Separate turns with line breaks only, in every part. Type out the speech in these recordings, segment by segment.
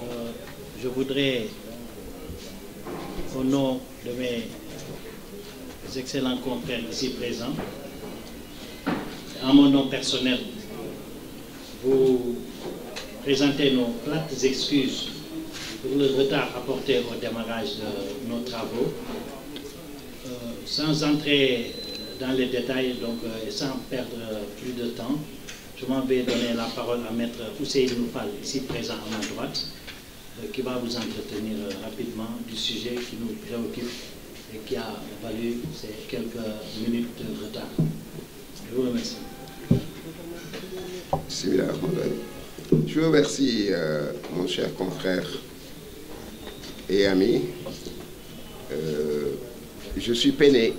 euh, je voudrais, au nom de mes excellents confrères ici présents, en mon nom personnel, vous présenter nos plates excuses pour le retard apporté au démarrage de nos travaux. Euh, sans entrer dans les détails donc, euh, et sans perdre plus de temps, Je m'en vais donner la parole à Maître Ousseïd Noufal, ici présent à euh, vous entretenir euh, rapidement du sujet et qui a valu ces quelques Je vous remercie. Euh, mon cher confrère et ami. je suis peiné.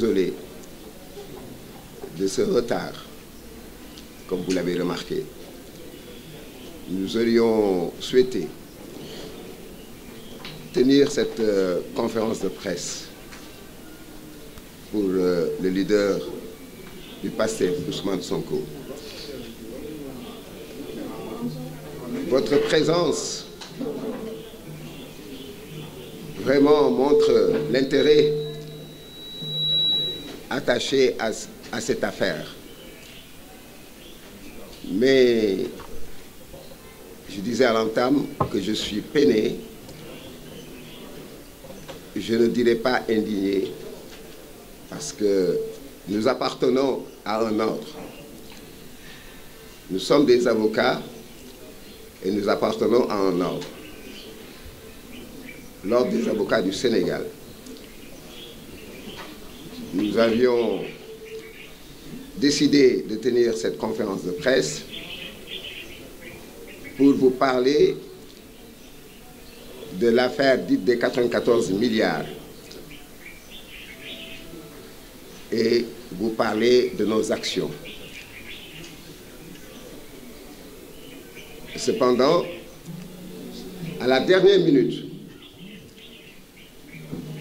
désolé de ce retard, comme vous l'avez remarqué. Nous aurions souhaité tenir cette euh, conférence de presse pour euh, le leader du passé, Ousmane Sonko. Votre présence vraiment montre l'intérêt attaché à, à cette affaire. Mais je disais à l'entame que je suis peiné, je ne dirais pas indigné, parce que nous appartenons à un ordre. Nous sommes des avocats et nous appartenons à un ordre. L'ordre des avocats du Sénégal. nous avions décidé de tenir cette conférence de presse pour vous parler de l'affaire dite des 94 milliards et vous parler de nos actions. Cependant, la dernière minute,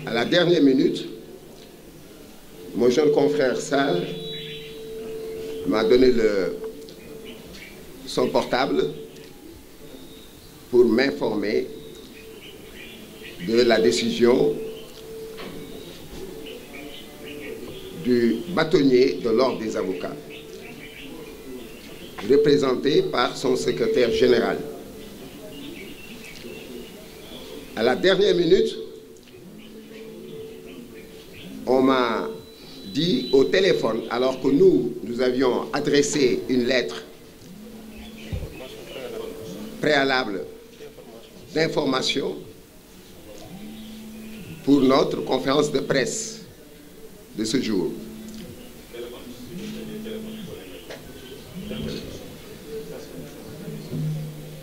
à la dernière minute, Mon jeune confrère Sall m'a donné le, son portable pour m'informer de la décision du bâtonnier de l'Ordre des avocats, représenté par son secrétaire général. À la dernière minute, on m'a dit au téléphone, alors que nous, nous avions adressé une lettre préalable d'information pour notre conférence de presse de ce jour.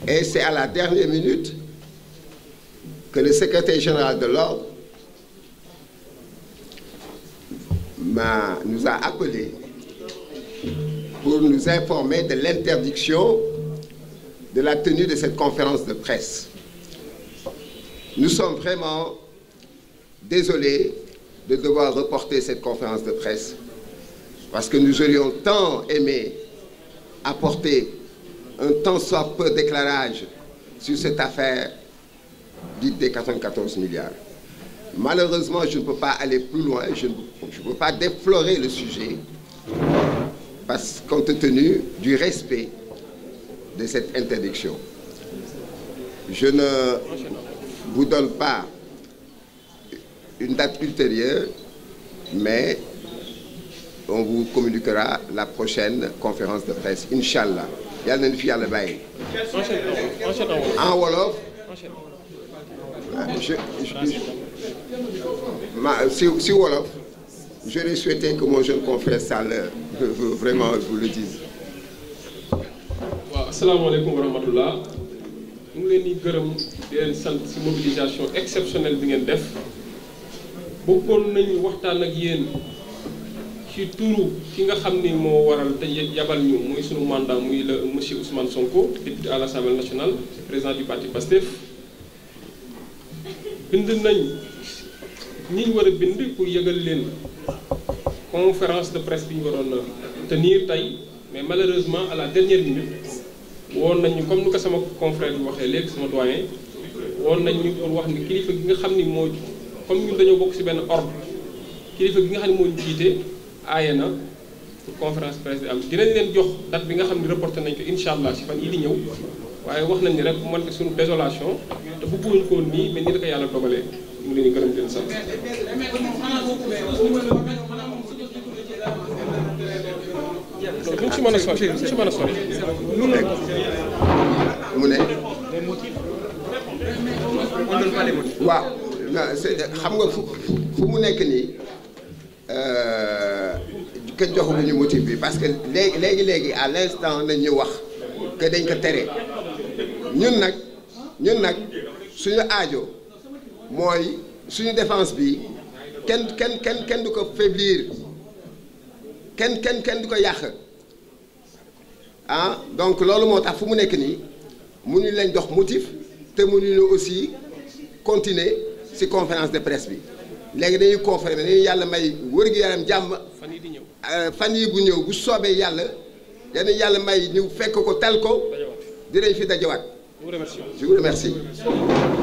c'est à la dernière minute que le secrétaire général de l'ordre m'a, nous a appelés pour nous informer de l'interdiction de la tenue de cette conférence de presse. Nous sommes vraiment désolés de devoir reporter cette conférence de presse parce que nous aurions tant aimé apporter un tant soit peu d'éclairage sur cette affaire dite des 94 milliards. Malheureusement, je ne peux pas aller plus loin, je ne peux pas déflorer le sujet, parce compte tenu du respect de cette interdiction. Je ne vous donne pas une date ultérieure, mais on vous communiquera la prochaine conférence de presse, Inch'Allah. yàlla nañu fi yàlla en wolof. Ah, je ma si si wolof j'aurais souhaité que mon jeune confrère Sall euh, vraiment vous le dise. waaw asalaamaaleykum wa rahmatullah mu ngi leen di gërëm
di leen sant si mobilisation exceptionnelle bi ngeen def bokkoon nañu waxtaan ak yéen ci turu ki nga xam ni moo waral te yabal ñu muy sunu mandat muy le monsieur Ousmane Sonko député à national nationale président du parti PASTEF bind nañ. ñi ñu war a bind pour yëgal leen conférence de presse bi ñu waroon te tenir tey mais malheureusement à la dernière minute woon nañu comme ni ko sama confrère bi waxee léegi sama doyen woon nañu pour wax ni kilifa gi nga xam ni moo comme ñun dañoo bokk si benn ordre kilifa gi nga xam ni moo jiite aaye na pour conférence presse bi am dinañ leen jox date bi nga xam ni reporté nañ ko incha allah ci fan yii di ñëw waaye wax nañ ni rek man ko suñu désolation te bëgguñu ko nii yàlla dogalee. ñu ngi leen lu ci mën
mu ne. waaw xam nga fu fu mu nekk nii. jox euh, que joxuñu motif bi parce que léegi léegi à l'instant nañ ñu wax que dañ tere ñun nag ñun nag suñu aajo. mooy suñu défense bi kenn kenn kenn kenn du ko faiblir kenn kenn kenn du ko yàq ah donc loolu moo tax fu mu nekk nii mënuñu leen jox motif te mënuñu aussi continuer ci conférence de press bi léegi dañuy conféré dañuy yàlla may wër gi yaram jàmm fan yi euh, bu ñëw bu soobee yàlla dañu yàlla may ñu fekk ko tal ko dinañ fi dajawaat je vous remercie